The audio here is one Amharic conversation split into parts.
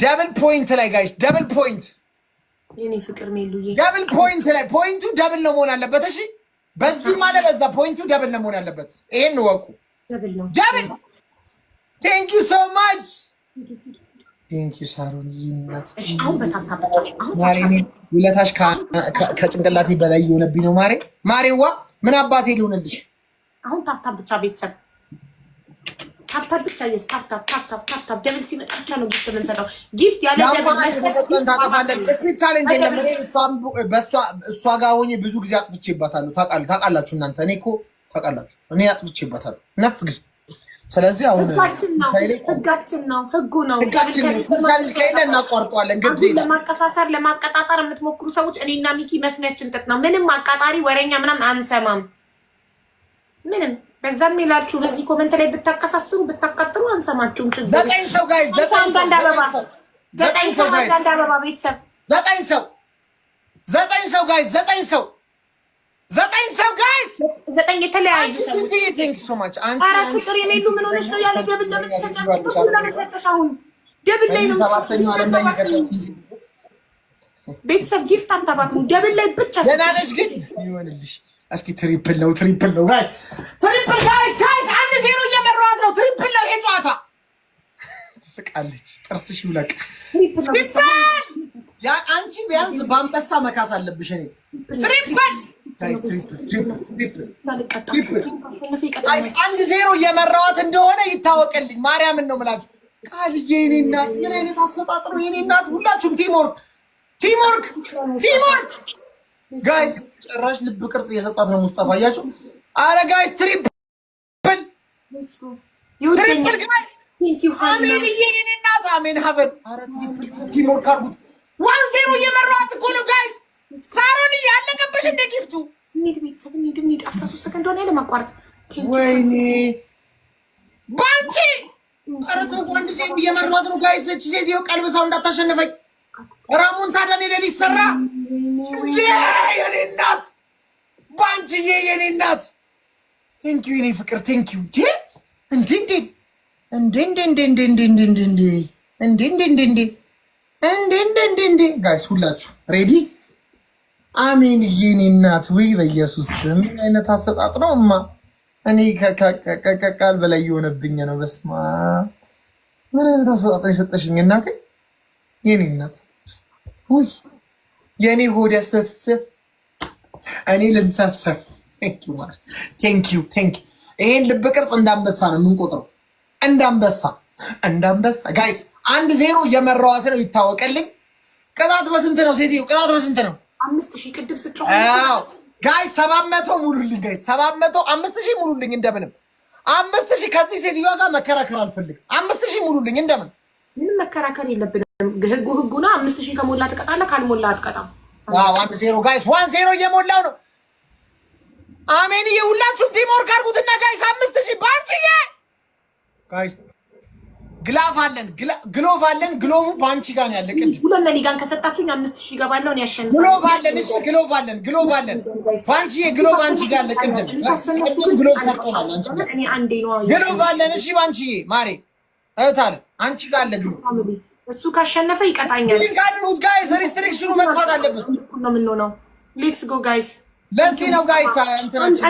ደብል ፖይንት ላይ ጋይስ፣ ደብል ፖይንት የኔ ፍቅር ሜሉዬ፣ ደብል ፖይንት ላይ ፖይንቱ ደብል ነው መሆን አለበት። እሺ፣ በዚህ አለ በዛ ፖይንቱ ደብል ነው መሆን አለበት። ይሄን ወቁ። ደብል ቴንክ ዩ ሶ ማች ቴንክ ዩ ሳሮን። ይነት ውለታሽ ከጭንቅላቴ በላይ የሆነብኝ ነው ማሬ። ማሬዋ ምን አባቴ ሊሆንልሽ አሁን ታብታ ብቻ ቤተሰብ ታፓር ብቻ የስታፕ ታፕ ታፕ ታፕ ደብል ሲመጣ ብቻ ነው ጊፍት የምንሰጠው። ጊፍት ያለ ደብል መስጠን ታጠፋለን። እስኪ ቻሌንጅ የለም። እኔ እሷ ጋር ሆኜ ብዙ ጊዜ አጥፍቼባታለሁ። ታውቃላችሁ እናንተ እኔ እኮ ታውቃላችሁ እኔ አጥፍቼባታለሁ ነፍ ጊዜ። ስለዚህ አሁን ህጋችን ነው ህጉ ነው ህጋችን ነው። ቻሌንጅ ከሌለ እናቋርጠዋለን። ግን ለማቀሳሰር ለማቀጣጠር የምትሞክሩ ሰዎች እኔና ሚኪ መስሚያችን ጥጥ ነው። ምንም አቃጣሪ ወሬኛ ምናምን አንሰማም ምንም በዛም ይላችሁ በዚህ ኮመንት ላይ ብታቀሳስሩ ብታቃጥሩ አንሰማችሁም። ችግር ዘጠኝ ሰው ጋር አንዳንድ አበባ ዘጠኝ ሰው አንዳንድ አበባ ቤተሰብ ዘጠኝ ሰው ዘጠኝ ሰው ጋይ ዘጠኝ ሰው ዘጠኝ ሰው ጋይስ ዘጠኝ የተለያዩ ሰዎች አራት ቁጥር የሌሉ ምን ሆነሽ ነው ያለ ደብል ለምን ተሰጫለሽ? ለምን ሰጠሽ? አሁን ደብል ላይ ነው ቤተሰብ ጊፍት አንተባት ደብል ላይ ብቻ ሰጠሽ ግን ይሆንልሽ እስኪ ትሪፕል ነው ትሪፕል ነው ጋይስ ትሪፕል ጋይስ ጋይስ አንድ ዜሮ እየመራት ነው። ትሪፕል ነው ይሄ ጨዋታ። ትስቃለች። ጥርስሽ ይውለቅ። ያ አንቺ ቢያንስ በአንበሳ መካስ አለብሽ። እኔ ትሪፕል አንድ ዜሮ እየመራዋት እንደሆነ ይታወቅልኝ። ማርያምን ነው የምላችሁ። ቃልዬ የኔ እናት ምን አይነት አሰጣጥ ነው የኔ እናት። ሁላችሁም ቲምወርክ ቲምወርክ ቲምወርክ ጋይስ ጨራሽ ልብ ቅርጽ እየሰጣት ነው ሙስጣፋ። አያችሁ? አረ ጋይስ ትሪፕል ትሪፕል ጋይስ አሜን እናት አሜን ሀበል ቲሞር ካርጉት ዋን ዜሮ እየመራዋት እኮ ነው ጋይስ። ሳሮን እያለቀበሽ እንደ ጊፍቱ እንሂድ ቤተሰብ እንሂድ እንሂድ። አስራ ሦስት ሰከንድ ሆነ ለማቋረጥ ወይኔ ባንቺ ኧረ ተው ወንድ ሴት እየመራዋት ነው ጋይስ። እች ሴት ይኸው ቀልብሳው እንዳታሸንፈኝ። ራሙን ታዳኔ ሌሊት ሰራ እንጂ የኔ እናት በአንቺዬ የኔ እናት ቴንኪው የኔ ፍቅር ቴንኪው እንዴ እንዴ እንዴ ጋይስ ሁላችሁ ሬዲ? አሜን የኔ እናት ወይ በኢየሱስ ምን አይነት አሰጣጥ ነው እማ እኔ ከቃል በላይ የሆነብኝ ነው። በስማ ምን አይነት አሰጣጥ የሰጠሽኝ እናቴ የኔ እናት ውይ የእኔ ሆደ ስብስብ እኔ ልንሰብሰብ ቴንኪዩ ይሄን ልብ ቅርጽ እንዳንበሳ ነው የምንቆጥረው። እንዳንበሳ እንዳንበሳ ጋይስ፣ አንድ ዜሮ እየመራዋት ነው ይታወቀልኝ። ቅጣት በስንት ነው ሴትዮ? ቅጣት በስንት ነው? አምስት ሺህ ቅድም ስጮህ ጋይስ፣ ሰባት መቶ ሙሉልኝ ጋይስ፣ ሰባት መቶ አምስት ሺህ ሙሉልኝ እንደምንም። አምስት ሺህ ከዚህ ሴትዮዋ ጋር መከራከር አልፈልግም። አምስት ሺህ ሙሉልኝ እንደምን። ምንም መከራከር የለብንም። ህጉ ህጉ ነው። አምስት ሺህ ከሞላ ትቀጣለህ፣ ካልሞላ አትቀጣም። ዋን ዜሮ ጋይስ፣ ዋን ዜሮ እየሞላው ነው። አሜን። ሁላችሁም ቲሞር ካርጉትና ጋይስ፣ አምስት ሺህ ባንቺዬ ጋይስ ግላፍ አለን ግሎቭ አለን። ግሎቭ በአንቺ ጋር ነው ያለ። ቅድም ሁለት ለሊጋን ከሰጣችሁኝ አምስት ሺህ እገባለሁ። ያሸንፍ ግሎቭ አለን። እሺ ግሎቭ አለን። ግሎቭ አለን ባንቺ ግሎቭ አንቺ ጋር አለ። ቅድም ግሎቭ ሰጥቶናል። ግሎቭ አለን። እሺ ባንቺ ማሬ እህት አለ አንቺ ጋር አለ ግሎቭ እሱ ካሸነፈ ይቀጣኛል። ካድርጉት ጋይስ፣ ሪስትሪክሽኑ መጥፋት አለበት ነው የምንሆነው። ሌትስ ጎ ጋይስ። ለዚህ ነው ጋይስ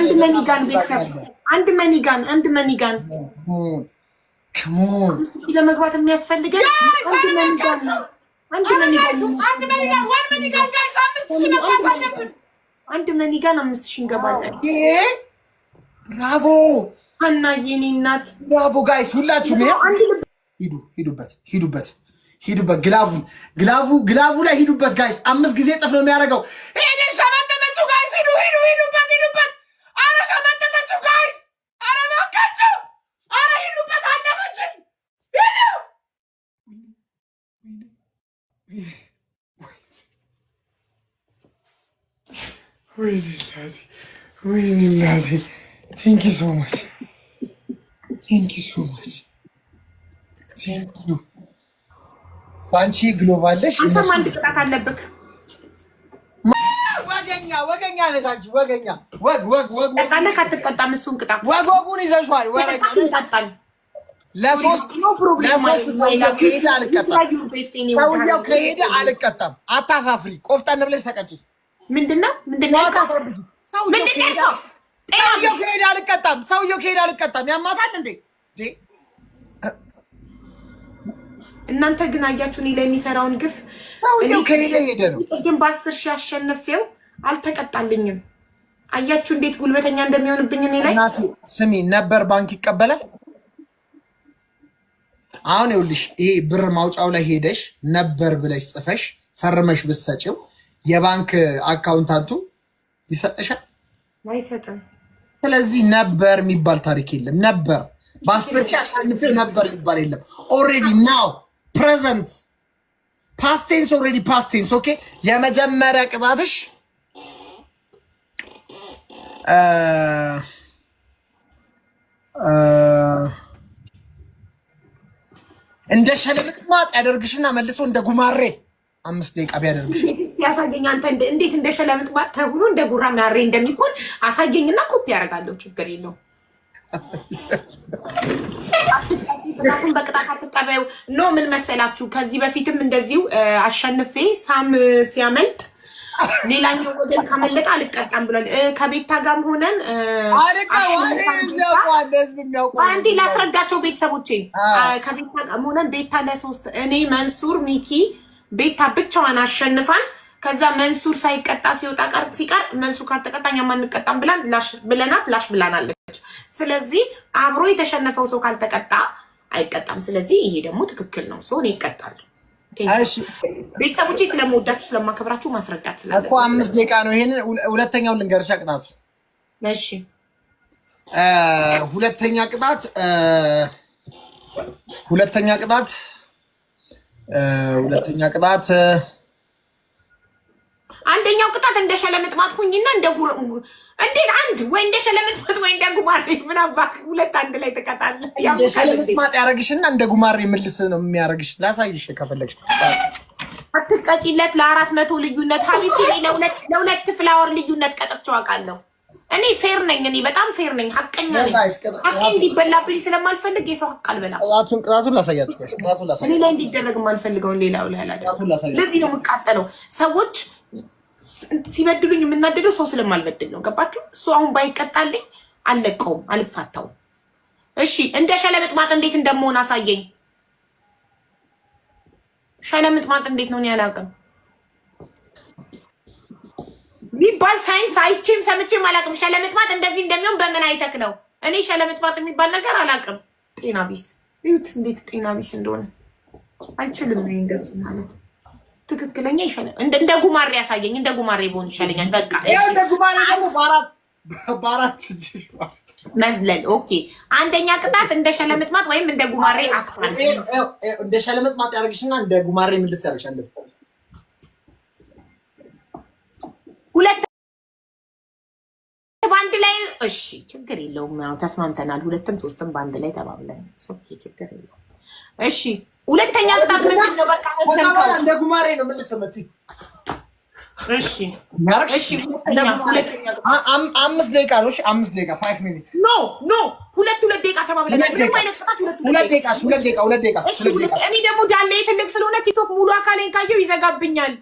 አንድ መኒጋን ቤተሰብ አንድ መኒጋን አንድ መኒጋን ለመግባት የሚያስፈልገን አንድ መኒጋን አንድ መኒጋን አንድ መኒጋን አምስት ሺህ እንገባለን። ብራቮ እናት ብራቮ ጋይስ፣ ሁላችሁም ሄዱበት ሄዱበት ሂዱበት። ግላቡ ግላቡ ግላቡ ላይ ሂዱበት ጋይስ። አምስት ጊዜ ጥፍ ነው የሚያደርገው። ሄደ ሸመጠተችው ጋይስ። ሂዱ ሂዱ ሂዱበት ሂዱበት። አረ ጋይስ። አረ አረ ሂዱበት። አለፈችን። ሂዱ ወይኔ እናቴ ወይኔ እናቴ። ቴንኪ ሶ ማች ቴንኪ ሶ ማች ቴንኪ በአንቺ ግሎብ አለሽ። አንተም አንድ ቅጣት አለብክ። ወገኛ ወገኛ ነሽ አንቺ ወገኛ። ወግ ወግ ወግ ጠቃለህ አትቀጣም። እሱን ቅጣት ወግ ወጉን ይዘሽዋል። ወረቀጣል ለሶስት ለሶስት ሰውዬው ከሄደ አልቀጣም። ሰውዬው ከሄደ አልቀጣም። አታፋፍሪ። ቆፍጠን ብለሽ ተቀጭ። ምንድን ነው ምንድን ነው ሰውዬው ከሄደ አልቀጣም። ሰውዬው ከሄደ አልቀጣም። ያማታል እንዴ? እናንተ ግን አያችሁ እኔ ላይ የሚሰራውን ግፍ። ከሄደ ሄደ ነው። ግን በአስር ሺህ አሸንፌው አልተቀጣልኝም። አያችሁ እንዴት ጉልበተኛ እንደሚሆንብኝ እኔ ላይ። ስሚ ነበር ባንክ ይቀበላል። አሁን ይኸውልሽ ይሄ ብር ማውጫው ላይ ሄደሽ ነበር ብለሽ ጽፈሽ ፈርመሽ ብትሰጪው የባንክ አካውንታንቱ ይሰጥሻል? አይሰጥም። ስለዚህ ነበር የሚባል ታሪክ የለም። ነበር በአስር ሺህ አሸንፌው ነበር የሚባል የለም። ኦልሬዲ ናው ፕሬዘንት ፓስቴንስ ኦልሬዲ ፓስቴንስ ኦኬ። የመጀመሪያ ቅጣትሽ እንደ ማጥ ያደርግሽና መልሶ እንደ ጉማሬ አምስት ደቂቃ ቢያደርግሽ ያሳየኝ። አንተ እንዴት እንደ ሸለምጥማጥ ተብሎ እንደ ጉራማሬ እንደሚኮን አሳየኝና ኮፒ ያደርጋለሁ። ችግር የለውም። ቅጣቱን በቅጣት አትቀበዩ ኖ ምን መሰላችሁ፣ ከዚህ በፊትም እንደዚሁ አሸንፌ ሳም ሲያመልጥ ሌላኛው ወገን ካመለጠ አልቀጣም ብሏል። ከቤታ ጋርም ሆነን አንዴ ላስረዳቸው ቤተሰቦቼን። ከቤታ ጋርም ሆነን ቤታ ለሶስት እኔ መንሱር፣ ሚኪ ቤታ ብቻዋን አሸንፋን ከዛ መንሱር ሳይቀጣ ሲወጣ ቀር ሲቀር መንሱር ካልተቀጣኛ ማንቀጣም ብላን ብለናት ላሽ ብላናለች። ስለዚህ አብሮ የተሸነፈው ሰው ካልተቀጣ አይቀጣም። ስለዚህ ይሄ ደግሞ ትክክል ነው። ሰሆን ይቀጣል። ቤተሰቦቼ ስለመወዳችሁ ስለማከብራችሁ ማስረዳት ስለ እኮ አምስት ደቂቃ ነው። ይሄንን ሁለተኛው ልንገርሻ ቅጣቱ። እሺ ሁለተኛ ቅጣት ሁለተኛ ቅጣት ሁለተኛ ቅጣት አንደኛው ቅጣት እንደ ሸለምጥማጥ ሁኝና እንደ እንዴት አንድ ወይ እንደ ሸለምጥማጥ ወይ እንደ ጉማሬ ምናባክ ሁለት አንድ ላይ ትቀጣለህ። እንደ ሸለምጥማጥ ያደርግሽና እንደ ጉማሬ ምልስ ነው የሚያደረግሽ። ላሳይሽ ከፈለግሽ አትቀጪለት። ለአራት መቶ ልዩነት ሀቢቲ ለሁለት ፍላወር ልዩነት ቀጥቼው አውቃለሁ። እኔ ፌር ነኝ። እኔ በጣም ፌር ነኝ፣ ሀቀኛ ነኝ። ሀቅ እንዲበላብኝ ስለማልፈልግ የሰው ሀቅ አልበላም። ቅጣቱን ላሳያችሁ፣ ቅጣቱን ላሳያችሁ። እኔ ላይ እንዲደረግ የማልፈልገውን ሌላው ላይ አላደርግም። ለዚህ ነው የምቃጠለው ሰዎች ሲበድሉኝ የምናደደው ሰው ስለማልበድል ነው። ገባችሁ? እሱ አሁን ባይቀጣልኝ አልለቀውም፣ አልፋታውም። እሺ እንደ ማጥ እንዴት እንደመሆን አሳየኝ። ማጥ እንዴት ነው? እኔ አላውቅም የሚባል ሳይንስ አይቼም ሰምቼም አላውቅም። ማጥ እንደዚህ እንደሚሆን በምን አይተክ ነው? እኔ ማጥ የሚባል ነገር አላውቅም። ጤና ቢስ እዩት፣ እንዴት ጤና ቢስ እንደሆነ አልችልም። እንደሱ ማለት ትክክለኛ ይሻላል። እንደ ጉማሬ ያሳየኝ፣ እንደ ጉማሬ በሆን ይሻለኛል። በቃ እንደ ጉማሬ ደግሞ በአራት በአራት እጅ መዝለል። ኦኬ፣ አንደኛ ቅጣት እንደ ሸለምጥማጥ ወይም እንደ ጉማሬ አክታል። እንደ ሸለምጥማጥ ያደርግሽና እንደ ጉማሬ ምልት ያደርግሻል። ሁለት በአንድ ላይ እሺ፣ ችግር የለውም። ያው ተስማምተናል። ሁለትም ሶስትም በአንድ ላይ ተባብለን ኦኬ፣ ችግር የለውም። እሺ ሁለተኛ ቅጣት ምንድን ነው? በቃ እንደ ጉማሬ ነው የምንሰመት። እሺ እሺ፣ አምስት ደቂቃ ነው። እሺ አምስት ደቂቃ ፋይቭ ሚኒት ኖ ኖ፣ ሁለት ሁለት ደቂቃ ተባብለናል። ሁለት ደቂቃ ሁለት ደቂቃ። እኔ ደግሞ ዳሌ ትልቅ ስለሆነ ቲክቶክ ሙሉ አካሌን ካየው ይዘጋብኛል።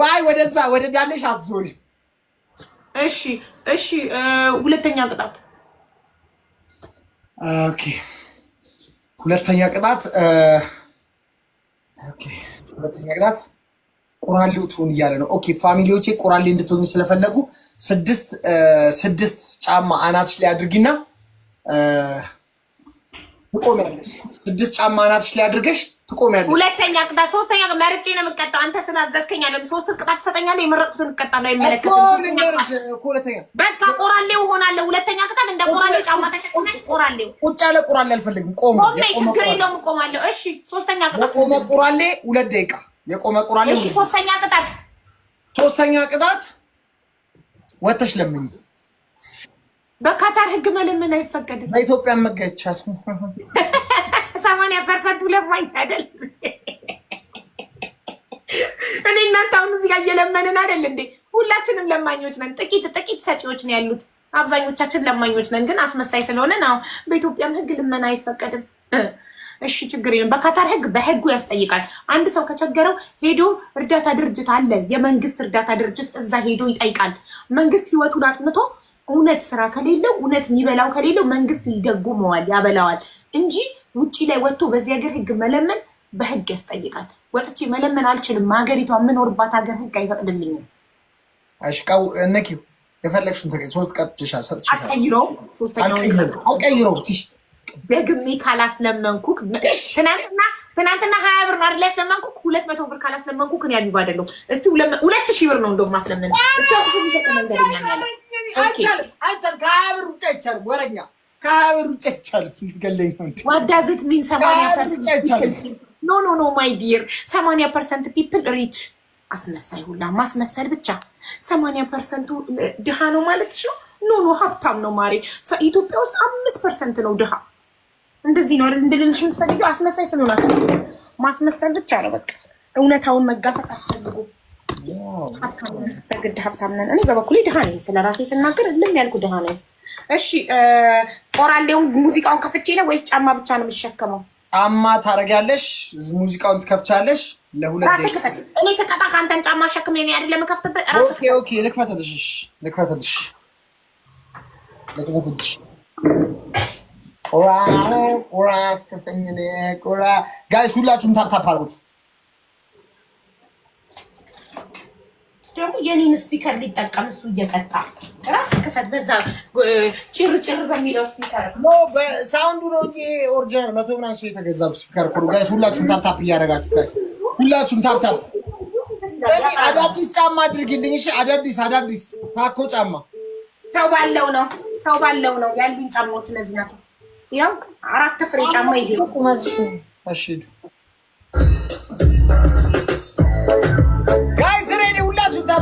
ዋይ ወደዛ ወደ ዳሌሽ አትዞሪ። እሺ እሺ፣ ሁለተኛ ቅጣት ኦኬ። ሁለተኛ ቅጣት ሁለተኛ ቅጣት ቁራሌው ትሁን እያለ ነው። ኦኬ ፋሚሊዎቼ ቁራሌ እንድትሆኝ ስለፈለጉ ስድስት ስድስት ጫማ አናትሽ ላይ አድርጊና ትቆሚያለሽ። ስድስት ጫማ አናትሽ ላይ አድርገሽ ትቆሚያለሽ። ሁለተኛ ቅጣት ሶስተኛ መርጬ ነው የምቀጣው። አንተ ሶስት ቅጣት ትሰጠኛለህ። እቀጣለሁ። አይመለከትም። በቃ ቁራሌው ቁጭ ያለ ቁራሌ አልፈልግም። ቆሜ ችግር የለውም እቆማለሁ። እሺ፣ ሶስተኛ ቅጣት የቆመ ቁራሌ ሁለት ደቂቃ የቆመ ቁራሌ። እሺ፣ ሶስተኛ ቅጣት ሶስተኛ ቅጣት ወተሽ ለምኝ። በካታር ህግ መለመን አይፈቀድም። በኢትዮጵያ መገቻት ሰማንያ ለማኝ አይደል? እኔ እናንተ አሁን እዚህ ጋር እየለመንን አይደል እንዴ? ሁላችንም ለማኞች ነን። ጥቂት ጥቂት ሰጪዎች ነው ያሉት። አብዛኞቻችን ለማኞች ነን፣ ግን አስመሳይ ስለሆነ ነው። በኢትዮጵያም ህግ ልመና አይፈቀድም። እሺ ችግር የለም። በካታር ህግ በህጉ ያስጠይቃል። አንድ ሰው ከቸገረው ሄዶ እርዳታ ድርጅት አለ፣ የመንግስት እርዳታ ድርጅት እዛ ሄዶ ይጠይቃል። መንግስት ህይወቱን አጥንቶ እውነት ስራ ከሌለው እውነት የሚበላው ከሌለው መንግስት ይደጉመዋል፣ ያበላዋል እንጂ ውጭ ላይ ወጥቶ በዚህ ሀገር ህግ መለመን በህግ ያስጠይቃል። ወጥቼ መለመን አልችልም። ሀገሪቷ የምኖርባት ሀገር ህግ አይፈቅድልኝም። አሽቃው ነኪው የፈለግሽውን ተገኝ ሶስት ቀጥሻል ሰጥሻል። አቀይረው አቀይረው ትናንትና ትናንትና ሀያ ብር ነው አይደል ያስለመንኩክ። ሁለት መቶ ብር ካላስለመንኩ እኔ አቢባ አይደለሁም። እስቲ ሁለት ሺህ ብር ነው እንደውም ማስለመን እስቲ ዋዳዝት ሚን ሰማንያ ፐርሰንት ፒፕል ሪች አስመሳይ ሁላ ማስመሰል ብቻ። ሰማንያ ፐርሰንቱ ድሃ ነው ማለትሽ ነው? ኖ ኖ ሀብታም ነው ማሬ። ኢትዮጵያ ውስጥ አምስት ፐርሰንት ነው ድሃ። እንደዚህ ነው እንድልልሽ የምትፈልጊው አስመሳይ ስለሆናት ማስመሰል ብቻ ነው በቃ። እውነታውን መጋፈጥ አስፈልጉ። በግድ ሀብታም ነን። እኔ በበኩሌ ድሃ ነኝ። ስለ ራሴ ስናገር ልም ያልኩ ድሃ ነኝ። እሺ፣ ቆራሌውን ሙዚቃውን ከፍቼ ነው ወይስ ጫማ ብቻ ነው የምሸከመው? ጫማ ታደርጊያለሽ፣ ሙዚቃውን ትከፍቻለሽ። ለሁለት እኔ ስቀጣ ከአንተን ጫማ ሸክም ኔ ኦኬ ኦኬ፣ ልክፈትልሽ፣ ልክፈትልሽ፣ ልክፈትልሽ ቁራ ቁራ ከፍተኝ ቁራ ጋይስ፣ ሁላችሁም ታፕታፕ አልኩት። ደግሞ የኔን ስፒከር ሊጠቀም እሱ እየቀጣ ራስ ክፈት። በዛ ጭር ጭር በሚለው ስፒከር ሳውንዱ ነው እንጂ ኦሪጂናል መቶ ምናምን ሺህ የተገዛ ስፒከር እኮ ጋይስ ሁላችሁም ታፕታፕ እያደረጋችሁ ጋይስ ሁላችሁም ታፕታፕ። አዳዲስ ጫማ አድርግልኝ እሺ። አዳዲስ አዳዲስ ታኮ ጫማ ሰው ባለው ነው ሰው ባለው ነው ያሉኝ ጫማዎች እነዚህ ናቸው። ያው አራት ፍሬ ጫማ ይሄ ቁመት እሺ